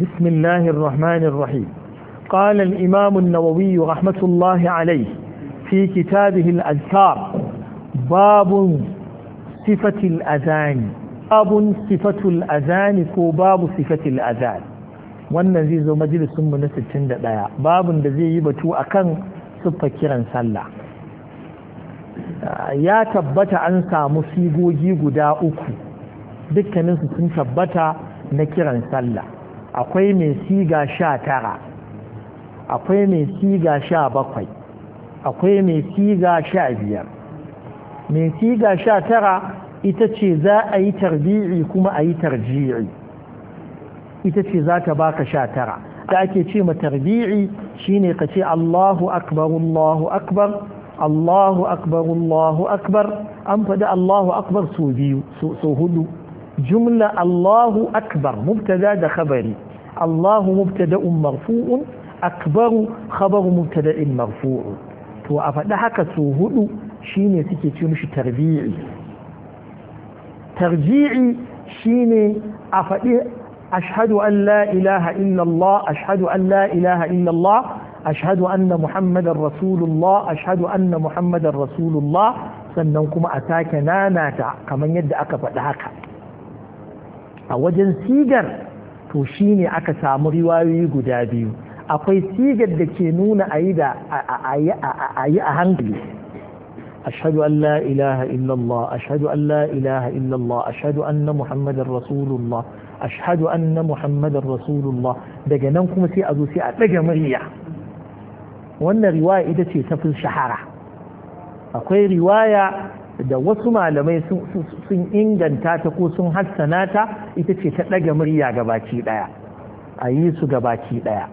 بسم الله الرحمن الرحيم قال الإمام النووي رحمة الله عليه في كتابه الأذكار باب صفة الأذان باب صفة الأذان باب صفة الأذان wannan zai zo majalisunmu na 61 babun da zai yi batu a kan siffa kiran sallah ya tabbata an samu sigogi guda uku dukkaninsu sun tabbata na kiran sallah akwai mai siga sha tara akwai mai siga sha bakwai akwai mai siga sha biyar mai siga sha tara ita ce za a yi tarbi'i kuma a yi tarji'i ita ce za ta baka sha tara da ake ce ma tarbi'i shine ka ce Allahu akbar Allahu akbar Allahu akbar Allahu akbar an faɗi Allahu akbar so biyu so hudu jumla Allahu akbar mubtada da khabari الله مبتدا مرفوع اكبر خبر مبتدا مرفوع تو افدا هكا سو هدو شيني سيكي تشي مشي ترجيعي ترجيعي شيني افدي اشهد ان لا اله الا الله اشهد ان لا اله الا الله اشهد ان محمد رسول الله اشهد ان محمد رسول الله sannan kuma a take nanata kamar yadda aka a wajen sigar to ne aka samu riwayoyi guda biyu akwai sigar da ke nuna a yi da a yi a hankali ashadu an la ilaha illallah ashadu an la ilaha illallah ashadu anna muhammadar rasulullah ashadu rasulullah daga nan kuma sai a zo sai a ɗaga murya wannan riwaya ita ce ta fi shahara akwai riwaya da wasu malamai sun inganta ta ko sun hassana ta ita ce ta ɗaga murya ga ɗaya a yi su ga ɗaya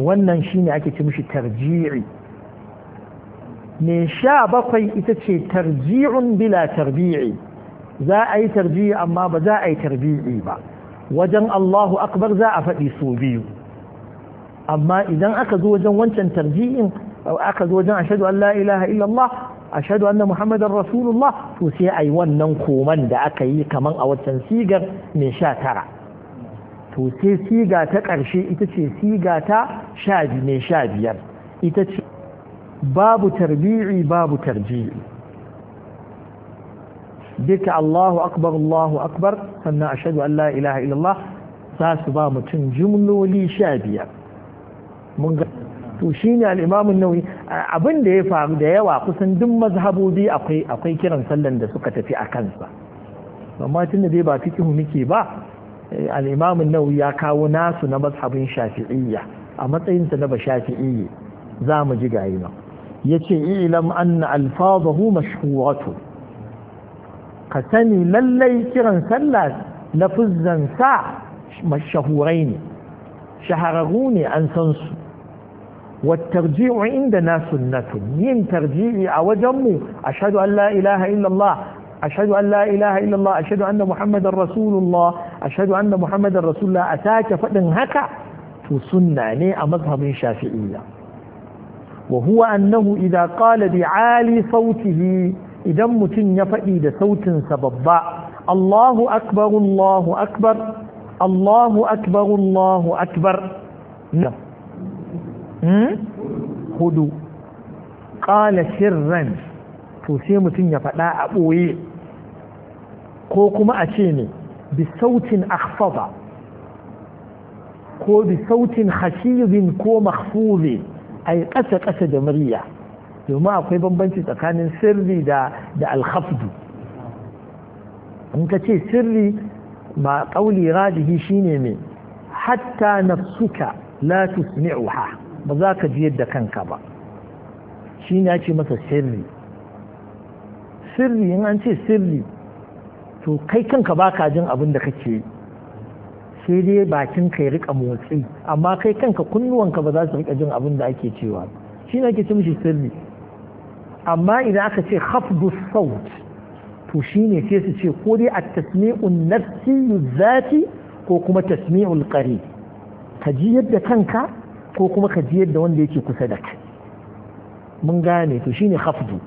wannan shi ne ake ci mishi tarji'i ne sha bakwai ita ce tarji'un bila tarbi'i za a yi tarji'i amma ba za a yi tarbi'i ba wajen Allahu akbar za a faɗi so biyu amma idan aka zo wajen wancan tarji'in aka zo wajen ashadu an la ilaha illallah ashhadu anna muhammadar rasulullah to sai yi wannan koman da aka yi kaman a watan sigar mai sha tara to sai siga ta ƙarshe ita ce siga ta sha mai sha biyar ita ce babu tarbi'i babu tarbi'i duka Allahu akbar Allahu akbar sannan ashhadu an ilaha illallah za su ba mutum jumloli sha biyar mun to shine ne imamun nauyi. abin da ya faru da yawa kusan duk mazhabobi akwai akwai kiran sallan da suka tafi a kansa amma tun da dai ba fikihu muke ba eh, al nauyi ya kawo nasu na mazhabin shafi'iyya a matsayinsa na bashafi'iyyi za mu ji gayi nan yace ilam anna alfazahu mashhuratu ka sani lallai kiran sallah lafuzzan sa mashahurai ne shahararru ne an san su والترجيع عندنا سنة yin tarji'i a wajenmu ashhadu an la ilaha illallah ashhadu an la ilaha illallah ashhadu anna muhammadar rasulullah ashhadu anna muhammadar rasulullah a sake faɗin haka to sunna ne a mazhabin shafi'iyya wa annahu idza qala bi ali sautihi idan mutum ya faɗi da sautinsa babba Allahu akbar Allahu akbar Hmm? hudu ƙala sirran to sai mutum ya faɗa a ɓoye ko kuma a ce ne bisautin akhfafa ko bisautin hashizin ko mahfuzi a yi ƙasa-ƙasa da murya domin akwai bambanci tsakanin sirri da alhafdu in ka ce sirri ma ƙauli radihi shine mai hatta nafsuka la tusmi'uha ba za ka ji yadda kanka ba shi ne ce masa sirri sirri in an ce sirri to kai kanka ba ka jin abin da kake yi sai dai bakin ka ya rika motsi amma kai kanka kunnuwanka ba za su rika jin abin da ake cewa shi ne ake ce mishi sirri amma idan aka ce hafdu saut to shi ne sai su ce ko dai a tasmiun nafsi zati ko kuma tasmi'un qari ka ji yadda kanka ko kuma ka jiyar da wanda yake kusa da kai mun gane to shine khafdu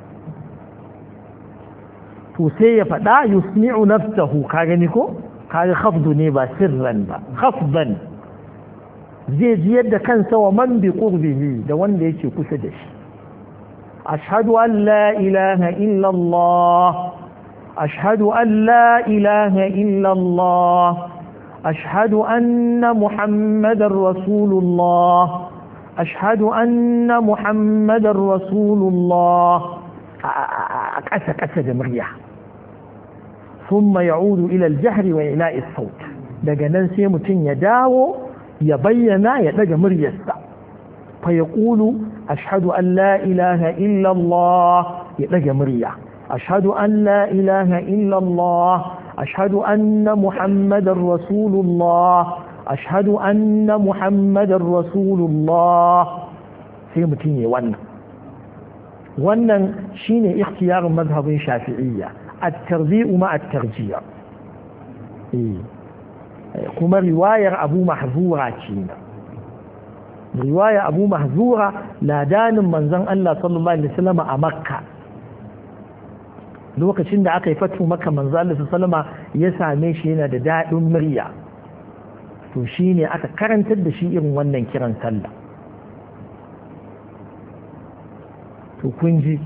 to sai ya faɗa yusmi'u nafsahu ka gani ko kaga khafdu ne ba sirran ba khafdan zai jiyar da kansa wa man bi qurbihi da wanda yake kusa da shi ashhadu an la ilaha illa allah ashhadu an la ilaha illa أشهد أن محمد رسول الله أشهد أن محمد رسول الله أكأسى كأسى جمرية ثم يعود إلى الجهر وإعلاء الصوت ننسي متن يداو يبينا يدق مرية فيقول أشهد أن لا إله إلا الله يدق مرية أشهد أن لا إله إلا الله أشهد أن محمد رسول الله أشهد أن محمد رسول الله sai mutum ya wannan wannan shi ne ikhtiyarin mazhabin shafi'iyya at-tarzi'u ma at-tarjiya kuma riwayar Abu Mahzura ce riwayar Abu Mahzura ladanin manzan Allah sallallahu alaihi wasallam a Makka lokacin da aka yi fatu maka manzo Allah sallama ya same shi yana da daɗin murya to shine aka karantar da shi irin wannan kiran sallah to kun ji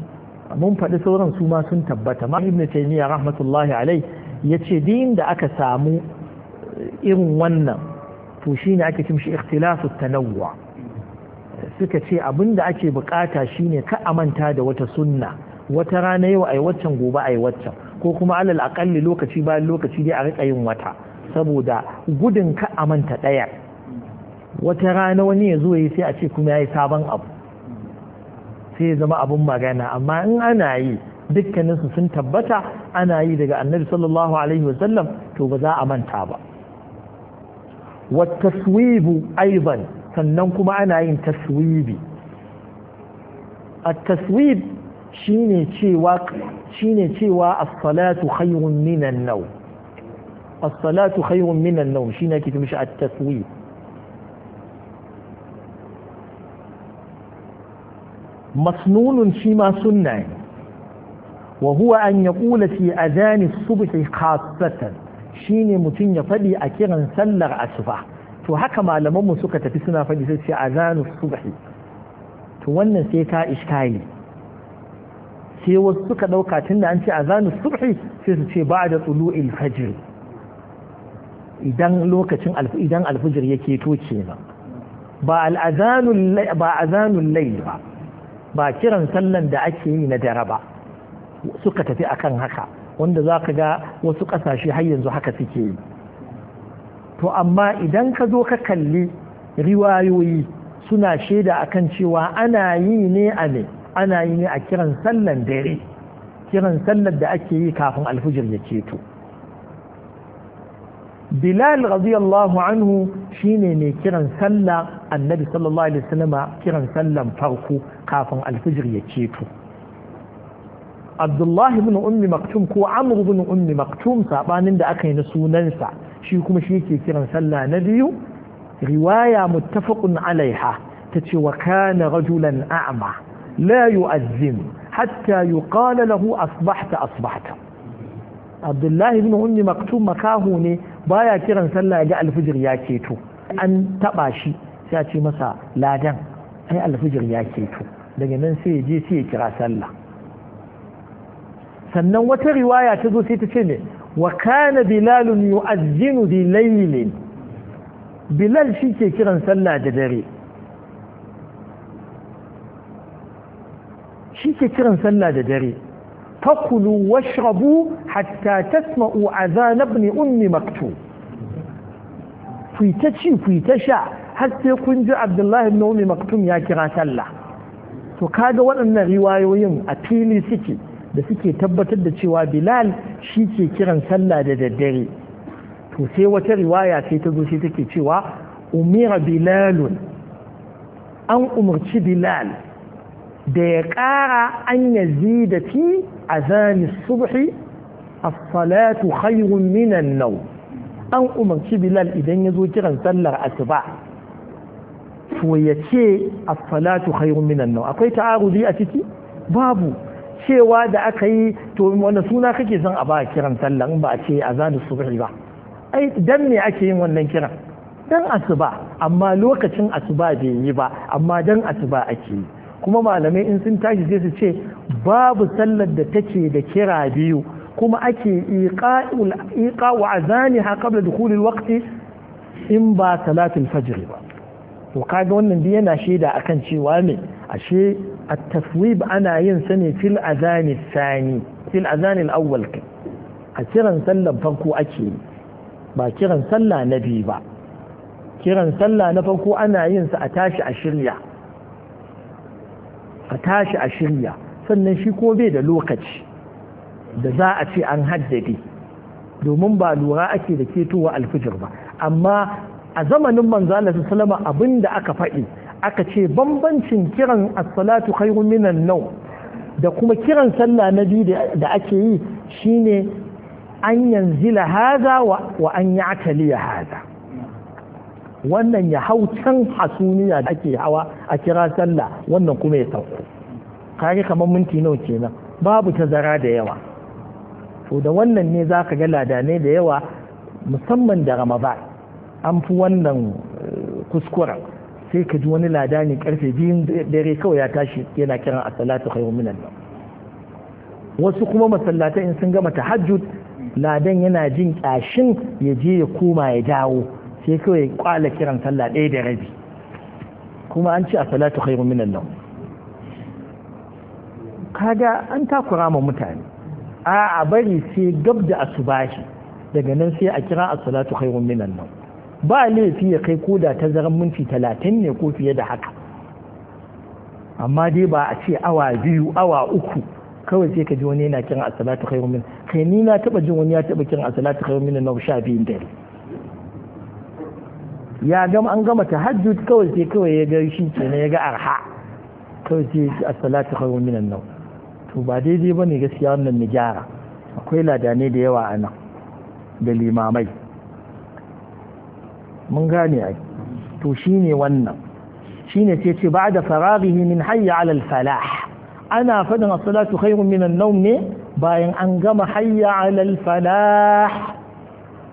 mun faɗi sauran su ma sun tabbata ma ibn taymiya rahmatullahi alai yace din da aka samu irin wannan to shine ake cin shi ikhtilafu tanawwu suka ce abinda ake bukata shine ka amanta da wata sunna wata rana yau ai waccan gobe ai waccan ko kuma alal akalli lokaci bayan lokaci dai a rika yin wata saboda gudun ka a manta ɗaya wata rana wani ya zo ya sai a ce kuma ya yi sabon abu sai ya zama abun magana amma in ana yi dukkaninsu sun tabbata ana yi daga annabi sallallahu alaihi wasallam to ba za a manta ba taswibu أيضا sannan kuma ana yin taswibi a taswib ne cewa shine cewa as-salatu khayrun min an-nawm as-salatu khayrun min an-nawm shine kike mishi at-taswir مسنون فيما سنة وهو أن يقول في أذان الصبح mutum ya متن a kiran sallar أسفع to haka malamanmu suka tafi suna faɗi sai ce azanin to wannan sai ka iskali sai wasu suka ɗauka tun da an ce azanu subhi sai su ce ba da tsulu'il fajr idan lokacin idan alfijir yake toce ba ba azanun layl ba ba kiran sallan da ake yi na dare ba suka tafi akan haka wanda za ka ga wasu ƙasashe har yanzu haka suke yi to amma idan ka zo ka kalli riwayoyi suna shaida akan cewa ana yi ne a ne ana yi ne a kiran sallan dare kiran sallar da ake yi kafin alfijir ya ceto bilal radiyallahu anhu shine mai kiran sallah annabi sallallahu alaihi kiran sallan farko kafin alfijir ya ceto abdullahi bin ummi maktum ko amr bin ummi maktum sabanin da aka yi na sunansa shi kuma shi ke kiran sallah na biyu riwaya muttafaqun alaiha tace wa kana rajulan a'ma لا يؤذن حتى يقال له أصبحت أصبحت عبد الله بن أم ne. مكاهوني بايا كيران سلا جاء الفجر يا كيتو أن تباشي سيأتي مسا لا جن أي الفجر يا كيتو daga nan sai yaje sai ya kira sallah sannan wata riwaya ta zo sai ta ce ne wa kana bilalun yu'azzinu bi bilal shi ke kiran sallah da dare shi ke kiran sallah da dare fakulu washrabu hatta tasma'u azan ibn ummi maktu fita ci fita sha har sai kun ji abdullahi ibn ummi maktum ya kira sallah to kaga waɗannan riwayoyin a fili suke da suke tabbatar da cewa bilal shi ke kiran sallah da daddare to sai wata riwaya sai ta zo sai take cewa umira bilalun an umarci bilal da ya ƙara an yazi da fi a zani subhi a salatu khairun minan nau an umarci bilal idan ya zo kiran sallar asuba to ya ce a salatu khairun minan nau akwai ta'aruzi a ciki babu cewa da aka yi to wanda suna kake son a ba kiran sallar in ba a ce a zani subhi ba ai dan me ake yin wannan kiran dan asuba amma lokacin asuba bai yi ba amma dan asuba ake yi kuma malamai in sun tashi sai su ce babu sallar da take da kira biyu kuma ake iƙa wa azani ha qabla dukhulil in ba salatul fajr ba to kaga wannan dai yana shaida akan cewa ne ashe at-taswib ana yin sa ne fil azani sani fil azani al-awwal a kiran sallar farko ake yi ba kiran sallah na biyu ba kiran sallah na farko ana yin sa a tashi a shirya a tashi a shirya sannan shi ko bai da lokaci da za a ce an haddade domin ba lura ake da ketowa alfijir ba amma a zamanin manzala su sallama abin da aka faɗi aka ce bambancin kiran as-salatu minan nau da kuma kiran sallah na biyu da ake yi shine an yanzila haza wa an ya haza wannan ya hau can hasumiya da ake hawa a kira sallah wannan kuma ya sauko kare kamar minti nawa kenan babu tazara da yawa to da wannan ne za ka ga ladanai da yawa musamman da ramadan an fi wannan eh, kuskuren sai ka ji wani ladani karfe biyun dare kawai ya tashi yana kiran a salatu kai minan nan wasu kuma masallatai in sun gama tahajjud ladan yana jin kyashin ya je ya koma ya dawo sai kawai kwala kiran sallah ɗaya da rabi kuma an ce a salatu khairun minan nan kaga an takura ma mutane a a bari sai gab da asubahi daga nan sai a kira a salatu khairun minan nan ba laifi ya kai koda ta zaran minti talatin ne ko fiye da haka amma dai ba a ce awa biyu awa uku kawai sai ka ji wani yana kiran a salatu khairun minan kai ni na taba jin wani ya taba kiran a salatu khairun minan nan sha biyun dare ya gama an gama ta tahajjud kawai sai kawai ya ga shi na ya ga arha kawai sai ya as-salatu khayrun minan nau to ba daidai ne gaskiya wannan mu gyara akwai ladane da yawa a nan da limamai mun gane ai to shine wannan shine sai ce da faraghihi min hayya alal falah ana fadin as-salatu khayrun minan nau ne bayan an gama hayya alal falah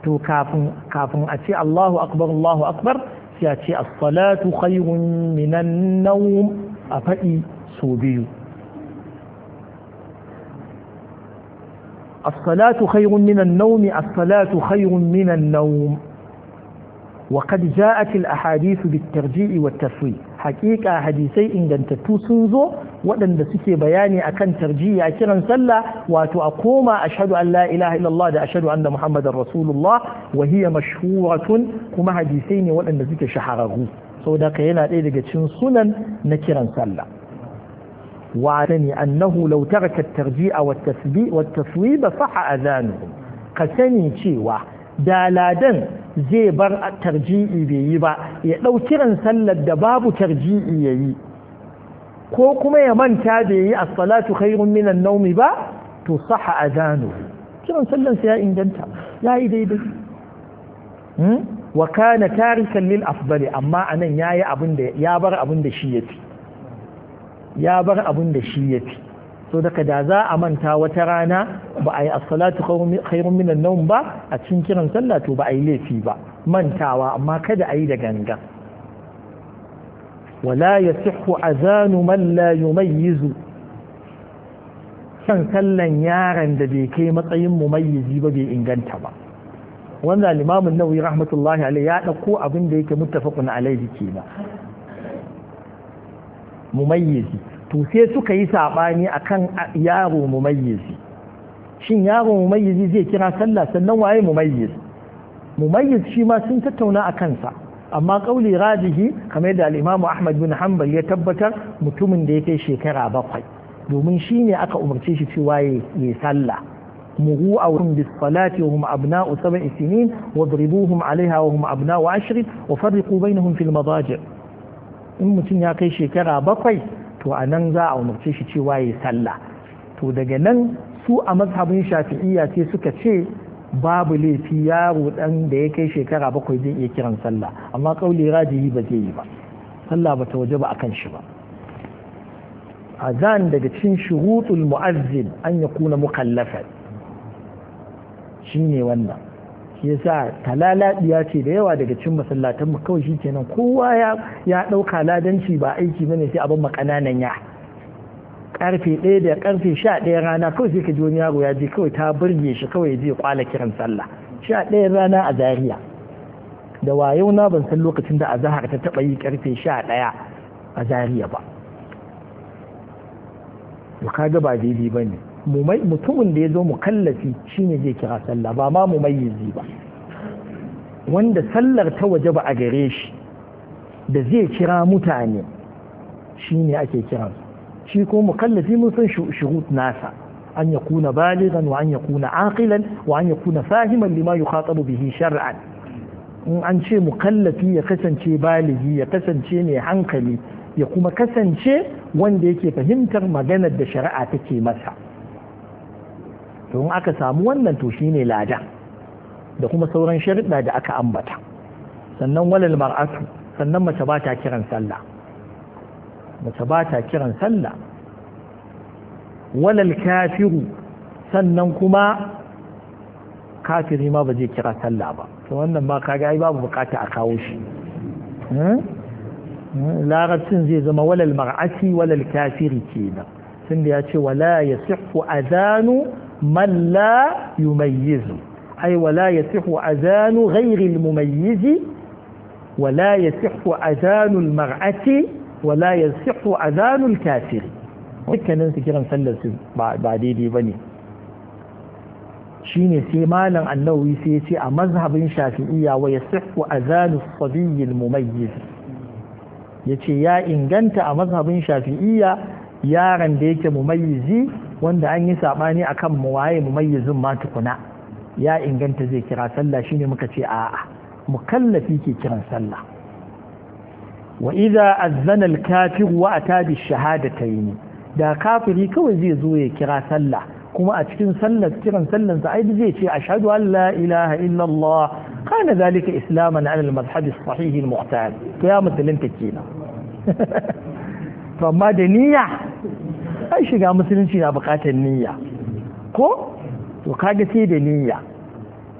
to kafin a ce Allahu akbar Allahu akbar sai a ce as-salatu khayrun minan nawm a faɗi so biyu الصلاة خير من النوم الصلاة خير من النوم وقد جاءت الأحاديث بالترجيع والتفويض hakika hadisai ingantattu sun zo waɗanda suke bayani akan tarjihi a kiran sallah wato a koma ashhadu an la ilaha illallah da ashhadu anna muhammadar rasulullah wa hiya mashhuratun kuma hadisai ne waɗanda suke shahararru saboda ka yana ɗaya daga cikin sunan na kiran sallah annahu وعلني أنه لو ترك الترجيع والتثويب ka sani cewa da ladan zai bar tarji'i bai yi ba ya ɗau kiran sallar da babu tarji'i ya yi ko kuma ya manta bai yi as-salatu khairun minan naumi ba to saha a adanu kiran sallarsa ya inganta ya yi daidai hmm? wa kana tarikan lil afdali amma anan yayi ya bar abin da shi yafi ya bar abin da shi yafi so daga da za a manta wata rana ba a yi a salatu khairun minan nan ba a cikin kiran sallah to ba a yi laifi ba mantawa amma kada a yi da gangan wala yasihhu azanu man la yumayyizu kan sallan yaron da bai kai matsayin mumayyizi ba bai inganta ba wannan limamin nawawi rahmatullahi alaihi ya dauko abin da yake muttafaqun alaihi kenan mumayyizi to sai suka yi saɓani a kan yaro mumayyizi shin yaro mumayyizi zai kira sallah sannan waye mumayyiz mumayyiz shi ma sun tattauna a kansa amma ƙauli rajihi kamar yadda al'imamu ahmad bin hanbal ya tabbatar mutumin da ya kai shekara bakwai domin shi ne aka umarce shi cewa ya sallah mugu a wurin bisalati wa hum abna'u sab'i sinin wa dribuhum alaiha wa hum abna'u ashirin, wa farriku bainahum fil madaji in mutum ya kai shekara bakwai to a nan za a umarce shi cewa ya sallah to daga nan su a mazhabin shafi'iyya ce suka ce babu laifi yaro dan da ya kai shekara bakwai zai iya kiran sallah amma kauli rajihi ba zai yi ba sallah ba ta waje ba akan shi ba azan daga cikin shurutul mu'azzin an yakuna mukallafa shine wannan yasa talalabiya ce da yawa daga cikin masallatan mu kawai shi kenan kowa ya ɗauka dauka ladanci ba aiki bane sai abin makananan ya karfe 1 da karfe 11 rana kawai sai ka ji wani yaro ya je kawai ta burge shi kawai ya je kwala kiran sallah sha ɗaya rana a Zariya. da wayo na ban san lokacin da azahar ta taba yi karfe ɗaya a Zariya ba to kaga ba daidai ne. mutumin da ya zo mukallafi shine zai kira sallah ba ma mumayyizi ba wanda sallar ta waje ba a gare shi da zai kira mutane shine ake kira shi ko mukallafi mun san shurut nasa an an ya kuna wa ya kuna aqilan wa an ya kuna fahiman lima لما bihi shar'an in an ce mukallafi ya kasance baligi ya kasance mai hankali ya kuma kasance wanda yake fahimtar maganar da shari'a take masa to aka samu wannan to shine lada da kuma sauran sharuɗa da aka ambata sannan walal mar'atu sannan mace ba ta kiran sallah mace ba ta kiran sallah walal kafiru sannan kuma kafiri ma ba zai kira sallah ba to wannan ma kaga ai babu bukata a kawo shi hmm? Hmm? larabcin zai zama walal mar'ati walal kafiri kenan tunda ya ce wala yasihhu azanu man la yumayyizu ai wala yasihu azanu ghairi almumayyizi wala yasihu azanu almar'ati wala yasihu azanu alkafiri nan su kiran sallar su ba daidai bane shine sai malam annawi sai ya ce a mazhabin shafi'iyya wa yasihu azanu as-sabiy almumayyiz yace ya inganta a mazhabin shafi'iya yaron da yake mumayyizi wanda an yi saɓani a kan waye mumayyizin ma tukuna ya inganta zai kira sallah shine muka ce a'a mukallafi ke kiran sallah wa iza azzana al-kafir wa ata bi shahadatayn da kafiri kawai zai zo ya kira sallah kuma a cikin sallar kiran sallan sa ai zai ce ashhadu an la ilaha illa Allah kana zalika islaman ala al-madhhab as-sahih al-muqtal to ya musulunta kenan to amma da niyya ai shiga musulunci na bukatar niyya ko to kaga sai da niyya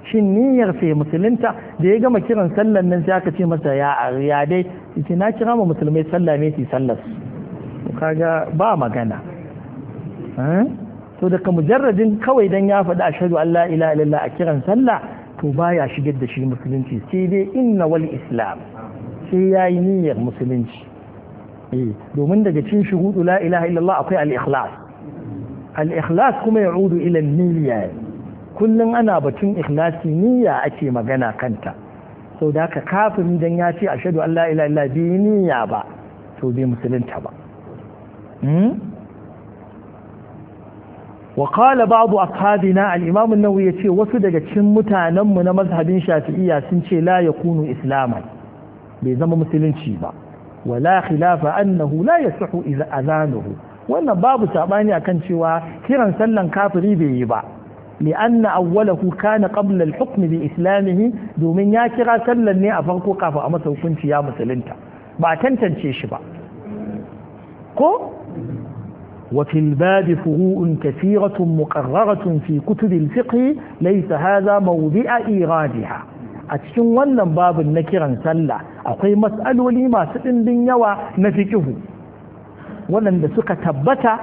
shin niyyar sai musulunta da ya gama kiran sallan nan sai aka ce masa ya ya dai yace na kira mu musulmai sallah ne sallas sallar ka kaga ba magana eh? to daga mujarradin kawai dan ya faɗi ashhadu an la ilaha illallah a kiran sallah to baya shigar da shi musulunci sai dai inna wal islam sai yayi niyyar musulunci Eh, domin daga cin hudu la ilaha illallah akwai al-ikhlas kuma ya udu ila niyya kullum ana batun ikhlasi niyya ake magana kanta sau da ka kafin dan ya ce ashadu an la ilaha illallah bi niyya ba to bi musulunta ba hmm? wa qala ba'du ashabina al-imam an-nawawi yace wasu daga cikin mutanenmu na mazhabin shafi'iyya sun ce la yakunu islaman bai zama musulunci ba wala khilafa annahu la yasihu idza azanuhu wannan babu sabani akan cewa kiran sallan kafiri bai yi ba لأن أوله كان قبل الحكم بإسلامه دومين يا كرا سلن ني أفرقو قافا أما توكنت يا مسلنتا با تنتنشي شبا قو وفي الباب فروء كثيرة مقررة في كتب الفقه ليس هذا موضع إيرادها a cikin wannan babin na kiran sallah akwai matsaloli masu ɗimbin yawa na fikihu waɗanda suka tabbata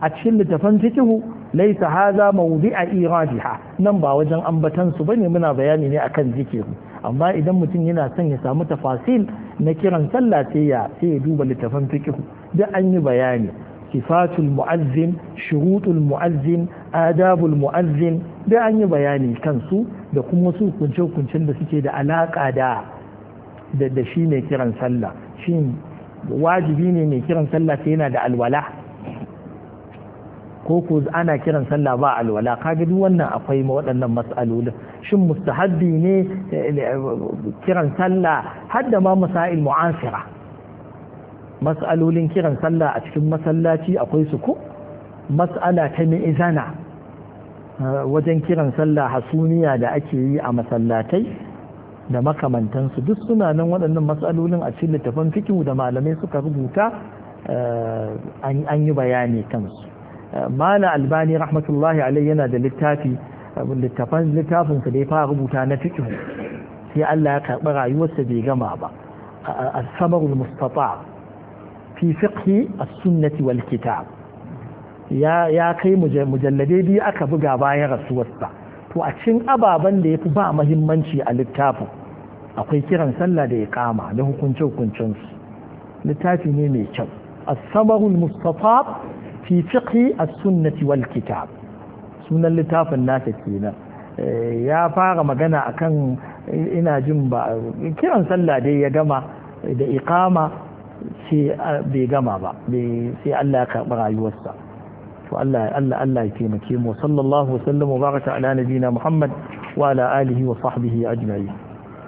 a cikin littafan fikihu laisa haza mawudi a iradiha nan ba wajen ambatan su bane muna bayani ne akan zikiru amma idan mutum yana son ya samu tafasil na kiran sallah sai ya sai ya duba littafan fikihu duk an yi bayani sifatul mu'azzin shurutul mu'azzin adabul mu'azzin da an yi bayani kansu da kuma wasu hukunce-hukuncen da suke da alaƙa da da shi ne kiran sallah shi wajibi ne mai kiran sallah sai yana da alwala ko ko ana kiran sallah ba alwala kaga duk wannan akwai waɗannan mas'alolin shin mustahabbi ne eh, eh, kiran sallah har da ma masail mu'asira matsalolin kiran sallah a cikin masallaci akwai su ko mas'ala ta mi'izana eh, wajen kiran sallah hasuniya da ake yi a masallatai da makamantansu duk suna nan waɗannan matsalolin a cikin littafin fikihu da malamai suka rubuta eh, an yi bayani kansu eh, mala albani rahmatullahi alai yana da littafi littafin da ya fara rubuta na fikihu sai Allah ya karɓi rayuwarsa bai gama ba a samarul mustapha fi fiqhi as-sunnati wal kitab ya kai mujalladai biyu aka buga bayan rasuwarsa to a cikin ababen da yafi ba muhimmanci a littafin akwai kiran sallah da iqama da hukunci hukuncinsu su littafi ne mai kyau as-samarul mustafa fi fiqhi as-sunnati wal kitab sunan littafin nasa kenan eh, ya fara magana akan ina jin ba kiran sallah dai ya gama da iqama sai bai gama ba sai Allah ya karɓi rayuwarsa to Allah Allah Allah ya taimake mu sallallahu alaihi wa sallam wa baraka ala nabina Muhammad wa ala alihi wa sahbihi ajma'in